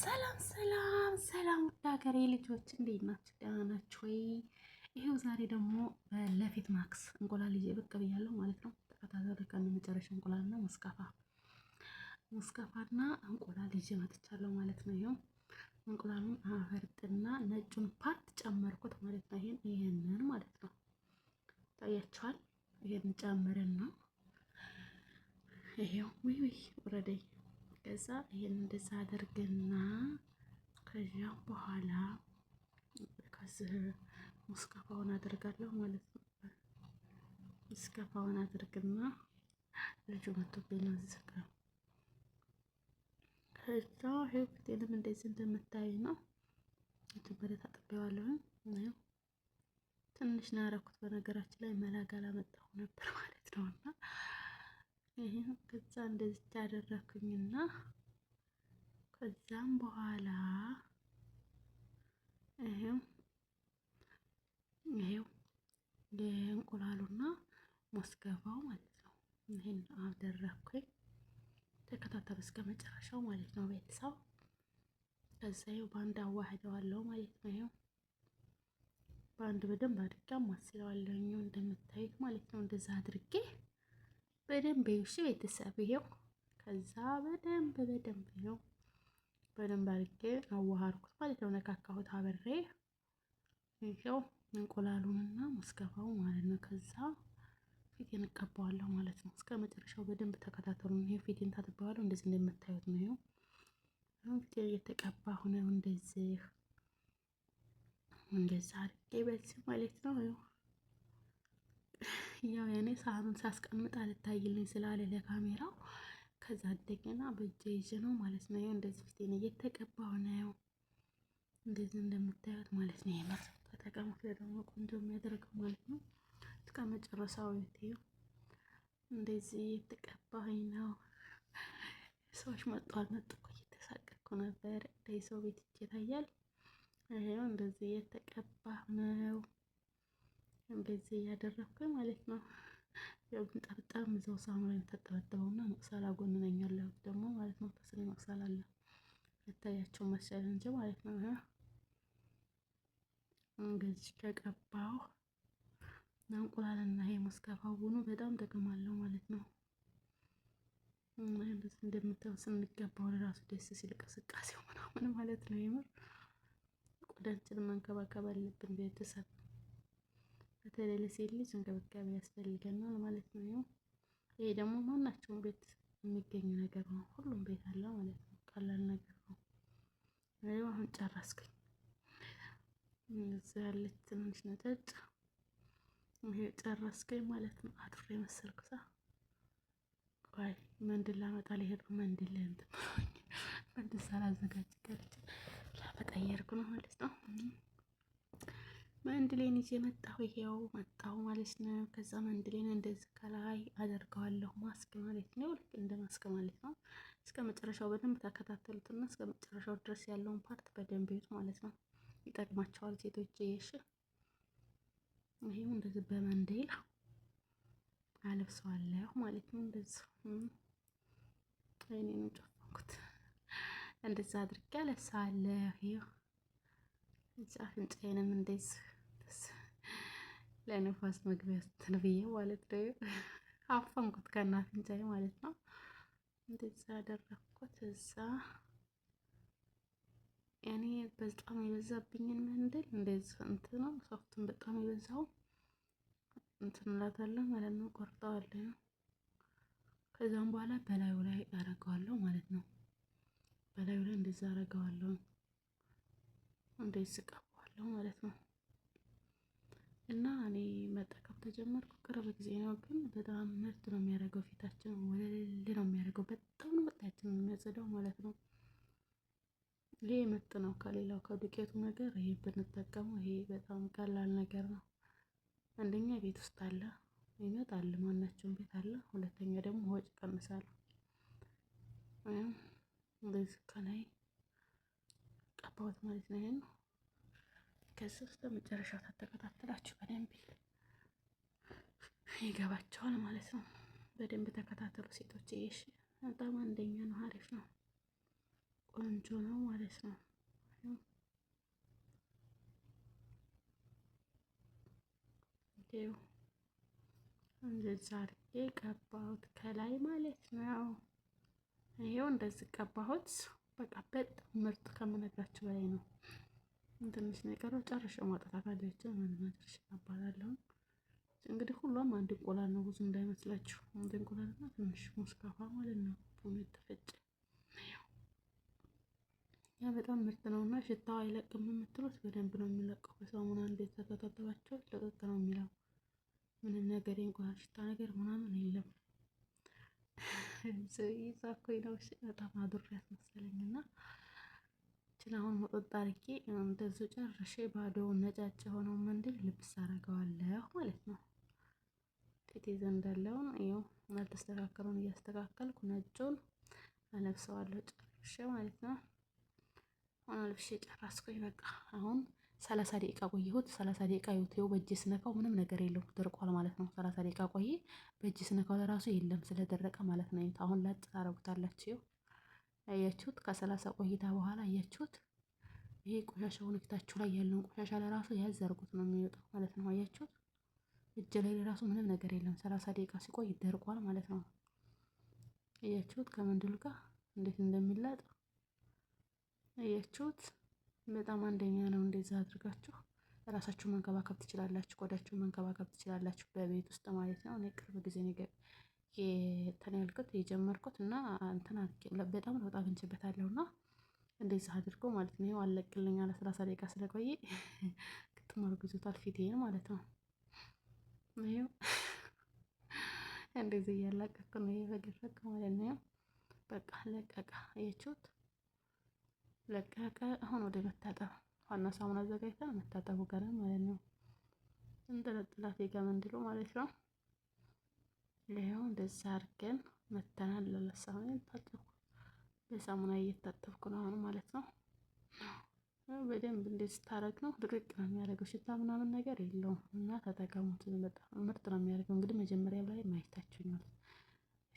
ሰላም ሰላም ሰላም ውድ ሀገሬ ልጆች እንዴት ናችሁ? ደህና ናችሁ ወይ? ይሄው ዛሬ ደግሞ ለፊት ማክስ እንቁላል ይዤ ብቅ ብያለሁ ማለት ነው። ተከታታይ ደቀን መጨረሻ እንቁላልና መስቀፋ መስቀፋና እንቁላል ይዤ መጥቻለሁ ማለት ነው። ይሄው እንቁላሉን አፈርጥና ነጩን ፓርት ጨመርኩት ማለት ነው። ይሄን ይሄንን ማለት ነው ታያችኋል። ይሄን ጨምርና ይሄው ውይ ውይ ወረደኝ ከዛ ይሄን እንደዛ አደርግና ከዚያ በኋላ ከዚህ ሙስከፋውን አድርጋለሁ ማለት ነው። ሙስከፋውን አድርግና ልጁ መቶብኝ ነው ዝጋ። ከዛ ፊቴንም እንደዚህ እንደምታይ ነው መጀመሪያ ታጥቤዋለሁኝ። ትንሽ ነው ያደረኩት። በነገራችን ላይ መላጋላ መጣሁ ነበር ማለት ነውና ከዛ እንደዚህ አደረኩኝና ከዛም በኋላ ይሄው ይሄው የእንቁላሉና ማስገባው ማለት ነው። ይህን አደረኩኝ። ተከታተሉ እስከ መጨረሻው ማለት ነው ቤተሰብ። ከዛ ይኸው በአንድ አዋህደዋለሁ ማለት ነው። ይኸው በአንድ በደንብ አድርጌ አማስለዋለሁ እንደምታዩት ማለት ነው። እንደዛ አድርጌ በደንብ እሺ ቤተሰብ ይሄው። ከዛ በደንብ በደንብ ይሄው በደንብ አድርጌ አዋሃርኩት ማለት ነው። ነካካሁት አብሬ ይሄው እንቁላሉንና መስከፋው ማለት ነው። ከዛ ፊቴን እቀባዋለሁ ማለት ነው። እስከ መጨረሻው በደንብ ተከታተሉ። ይሄ ፊቴን ታጥበዋለሁ። እንደዚህ እንደምታዩት ነው። ይሄው አሁን እየተቀባ ሆነ እንደዚህ እንደዛ አድርጌ በዚህ ማለት ነው። ያው ያኔ ሳህኑን ሳስቀምጥ አልታይልኝ ስላለ ለካሜራው ከዛ እንደገና በእጄ ይዤ ነው ማለት ነው። ያው እንደዚህ ፊቴን እየተቀባው ነው እንደዚህ እንደምታዩት ማለት ነው። የምር ተጠቀሙት፣ ደግሞ ቆንጆ የሚያደርገው ማለት ነው። እስከ መጨረሻው ይኸው እንደዚህ እየተቀባሁኝ ነው። ሰዎች መጡ አልመጡ እየተሳቀኩ ነበር። ሰው ቤት ይታያል። ይኸው እንደዚህ እየተቀባሁ ነው። እንደዚህ እያደረግኩ ማለት ነው። ያው ግን ጠርጠር ምዘው ሳሙና የተጠረጠረው እና መቅሰላ ጎን ነኝ ያለሁት ደግሞ ማለት ነው። ከስሬ መቅሰል አለ ይታያቸው መሰል እንጂ ማለት ነው። እንደዚህ ከቀባው እንቁላልና ይሄ መስከፋው ሆኖ በጣም ጥቅም አለው ማለት ነው። እንደዚህ እንደምታው ስንገባው ለራሱ ደስ ሲል ቅስቃሴው ምናምን ማለት ነው። የምር ቆዳችን መንከባከብ አለብን ቤተሰብ በተለይ ለሴት ልጅ እንክብካቤ ያስፈልገናል ማለት ነው። ይሄ ደግሞ ማናቸውም ቤት የሚገኝ ነገር ነው። ሁሉም ቤት አለ ማለት ነው። ቀላል ነገር ነው። አሁን ጨረስኩኝ። እዚህ ያለች ትንሽ ነጠጭ ይሄ ጨረስኩኝ ማለት ነው። አድሬ መሰልኩሳ ቆይ መንድል ላመጣ ሊሄድ ነው። መንድል ለእንትን መንድል ሳላዘጋጅ ቀርቼ ላመጣ እየሄድኩ ነው ማለት ነው። መንድሌን ይዤ መጣሁ። ይሄው መጣሁ ማለት ነው። ከዛ መንድሌን እንደዚህ ከላይ አደርገዋለሁ ማስክ ማለት ነው። ልክ እንደ ማስክ ማለት ነው። እስከ መጨረሻው በደንብ ተከታተሉትና እስከ መጨረሻው ድረስ ያለውን ፓርት በደንብ ይዩት ማለት ነው። ይጠቅማቸዋል ሴቶች። እሺ ይሄው እንደዚህ በመንድል አለብሰዋለሁ ማለት ነው። እንደዚህ ነው ጨፈንኩት። እንደዛ አድርጌ አለብሰዋለሁ። ይሄው እዛ አፍንጫዬንም እንደዚህ ለንፋስ መግቢያ ስትል ብዬ ማለት ነው። አፈንኩት ከናፍንጫዬ ማለት ነው። እንደዛ አደረኩት። እዛ እኔ በጣም የበዛብኝን መንደል እንደዚህ ነው ሶፍቱን በጣም የበዛው እንትን እላታለሁ ማለት ነው። ቆርጠዋለሁ። ከዛም በኋላ በላዩ ላይ አረገዋለሁ ማለት ነው። በላዩ ላይ እንደዛ አረገዋለሁ፣ እንደዚህ ቀባዋለሁ ማለት ነው። እና እኔ መጠቀም ተጀመርኩ ቅርብ ጊዜ ነው፣ ግን በጣም ምርጥ ነው የሚያደርገው ፊታችን ወለል ነው የሚያደርገው። በጣም ነው ወጣችን የሚያጸዳው ማለት ነው። ይሄ ምርጥ ነው ከሌላው ከዱቄቱ ነገር ይሄ ብንጠቀመው፣ ይሄ በጣም ቀላል ነገር ነው። አንደኛ ቤት ውስጥ አለ ይመጣል፣ ማናቸውም ቤት አለ። ሁለተኛ ደግሞ ወጭ ቀንሳል ወይም ከላይ ቀባሁት ማለት ነው ይሄን እስከዚህ እስከ መጨረሻው ተተከታተላችሁ በደንብ ይገባቸዋል ማለት ነው። በደንብ ተከታተሉ ሴቶች። ይሽ በጣም አንደኛ ነው፣ አሪፍ ነው፣ ቆንጆ ነው ማለት ነው። እንደዛ አድርጌ ቀባሁት ከላይ ማለት ነው። ይሄው እንደዚህ ቀባሁት። በቃ በጣም ምርጥ ከምነግራችሁ በላይ ነው። ትንሽ ነው የቀረው። ጨርሼ ማውጣት አለችው ምን መድረሽ እንግዲህ ሁሉም አንድ እንቁላል ነው፣ ብዙ እንዳይመስላችሁ። አንድ እንቁላል እና ትንሽ ሙስካፋ ማለት ነው። ቡና ተፈጨ። ያ በጣም ምርጥ ነው እና ሽታው አይለቅም የምትሉት በደንብ ነው የሚለቀው። በሳሙና እንዴት ተከታተባቸው ለቀቅ ነው የሚለው። ምንም ነገር የእንቁላል ሽታ ነገር ምናምን የለም። ሰው ይዛኮ ነው በጣም አድሬያት መሰለኝ እና እችን አሁን ሞጠጥ አድርጌ እንደዚሁ ጨርሼ ባዶ ነጫጭ የሆነው ምንድን ልብስ አደርገዋለሁ ማለት ነው። ጤቴ ዘንዳለውን ይኸው ያልተስተካከለውን እያስተካከልኩ ነጩን አለብሰዋለሁ ጨርሼ ማለት ነው። አሁን አልብሼ ጨረስኩኝ። በቃ አሁን ሰላሳ ደቂቃ ቆይሁት። ሰላሳ ደቂቃ ይኸው በእጄ ስነካው ምንም ነገር የለውም ደርቋል ማለት ነው። ሰላሳ ደቂቃ ቆየ በእጄ ስነካው ለራሱ የለም ስለደረቀ ማለት ነው። አሁን ላጥ ታረጉታላችሁ። አያችሁት? ከሰላሳ ቆይታ በኋላ አያችሁት? ይሄ ቆሻሻው እግታችሁ ላይ ያለውን ቆሻሻ ለራሱ ያዘርጉት ነው የሚወጣው ማለት ነው። አያችሁት? እጅ ላይ ለራሱ ምንም ነገር የለም። ሰላሳ ደቂቃ ሲቆይ ይደርቋል ማለት ነው። አያችሁት? ከምንድሉ ጋር እንዴት እንደሚላጥ አያችሁት? በጣም አንደኛ ነው። እንደዛ አድርጋችሁ ራሳችሁ መንከባከብ ትችላላችሁ። ቆዳችሁ መንከባከብ ትችላላችሁ በቤት ውስጥ ማለት ነው። እኔ ቅርብ ጊዜ ነገር እንትን ያልኩት የጀመርኩት እና እንትን በጣም ለውጥ አግኝቼበታለሁ እና እንደዚህ አድርጎ ማለት ነው። ይኸው አለቅልኝ አለ ደቂቃ ስለቆየ ግጥም አድርጎ ይዞታል ፊቴን ማለት ነው። ይኸው እንደዚህ እያላቀቅኩ ነው የፈገፈግ ማለት ነው። በቃ ለቀቀ፣ አያችሁት ለቀቀ። አሁን ወደ መታጠብ ዋና ሳሙን አዘጋጅተን መታጠቡ ጋር ማለት ነው። እንጠለጥላት ምንድሎ ማለት ነው። ይኸው እንደዛ አድርገን መተናል። ለሳሙና ታጠብኩ፣ በሳሙና እየታጠብኩ ነው አሁን ማለት ነው። በደንብ እንደዚህ ስታረግ ነው ድርቅ ነው የሚያደርገው፣ ሽታ ምናምን ነገር የለውም እና ተጠቀሙት። በጣም ምርጥ ነው የሚያደርገው። እንግዲህ መጀመሪያ ላይ ማየታችሁኛል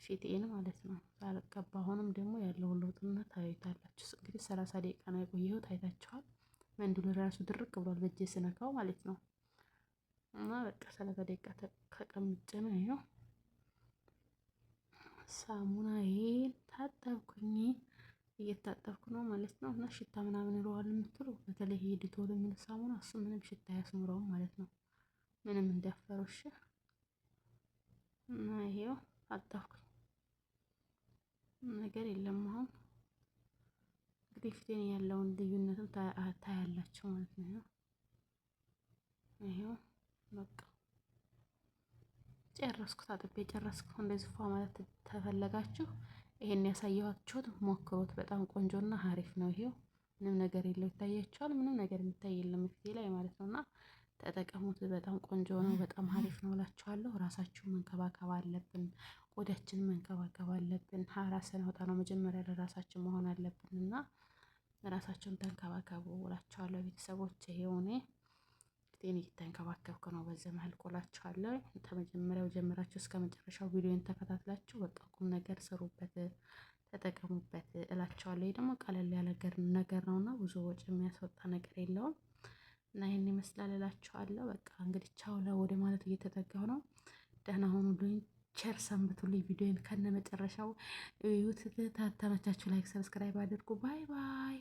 ፊቴን ማለት ነው ሳልቀባ። አሁንም ደግሞ ያለውን ለውጥና ታይታላችሁ። እንግዲህ ሰላሳ ደቂቃ ነው የቆየሁት ታይታችኋል። መንዲሉ ራሱ ድርቅ ብሏል በእጄ ስነካው ማለት ነው እና በቃ ሰላሳ ደቂቃ ተቀምጬ ነው ይኸው ሳሙናዬን ታጠብኩኝ። እየታጠብኩ ነው ማለት ነው። እና ሽታ ምናምን ይለዋል የምትሉ በተለይ ዲቶል የሚል ሳሙና እሱ ምንም ሽታ አያስምረውም ማለት ነው። ምንም እንዳፈረሽ እና ይሄው አጠብኩኝ። ነገር የለም አሁን እንግዲህ ፊቴን ያለውን ልዩነትም ታያላቸው ማለት ነው። ይሄው በቃ ጨረስኩ፣ ታጥቤ ጨረስኩ። እንደዚህ ፏ ማለት ተፈለጋችሁ ይሄን ያሳየኋችሁት ሞክሮት በጣም ቆንጆና ሀሪፍ ነው። ይሄው ምንም ነገር የለው ይታያችኋል። ምንም ነገር የሚታይ የለም ፊቴ ላይ ማለት ነውና ተጠቀሙት። በጣም ቆንጆ ነው። በጣም ሀሪፍ ነው እላችኋለሁ። ራሳችሁ መንከባከብ አለብን። ቆዳችን መንከባከብ አለብን። ራስን ወጣ ነው መጀመሪያ ለራሳችን መሆን አለብን እና ራሳችሁን ተንከባከቡ እላችኋለሁ ቤተሰቦች ይሄው እኔ ፊቴን እየተንከባከብኩ ነው። በዚህ መሀል ቆላችኋለሁ። ከመጀመሪያው ጀምራችሁ እስከ መጨረሻው ቪዲዮን ተከታትላችሁ በቃ ቁም ነገር ስሩበት፣ ተጠቀሙበት እላችኋለሁ። ደግሞ ቀለል ያለ ነገር ነውና ብዙ ወጪ የሚያስወጣ ነገር የለውም እና ይህን ይመስላል እላችኋለሁ። በቃ እንግዲህ ቻው ወደ ማለት እየተጠጋሁ ነው። ደህና ሆኑ ሆኑልኝ። ቸር ሰንብቱልኝ። ቪዲዮን ከነ መጨረሻው እዩት። ተመቻችሁ፣ ላይክ ሰብስክራይብ አድርጉ። ባይ ባይ።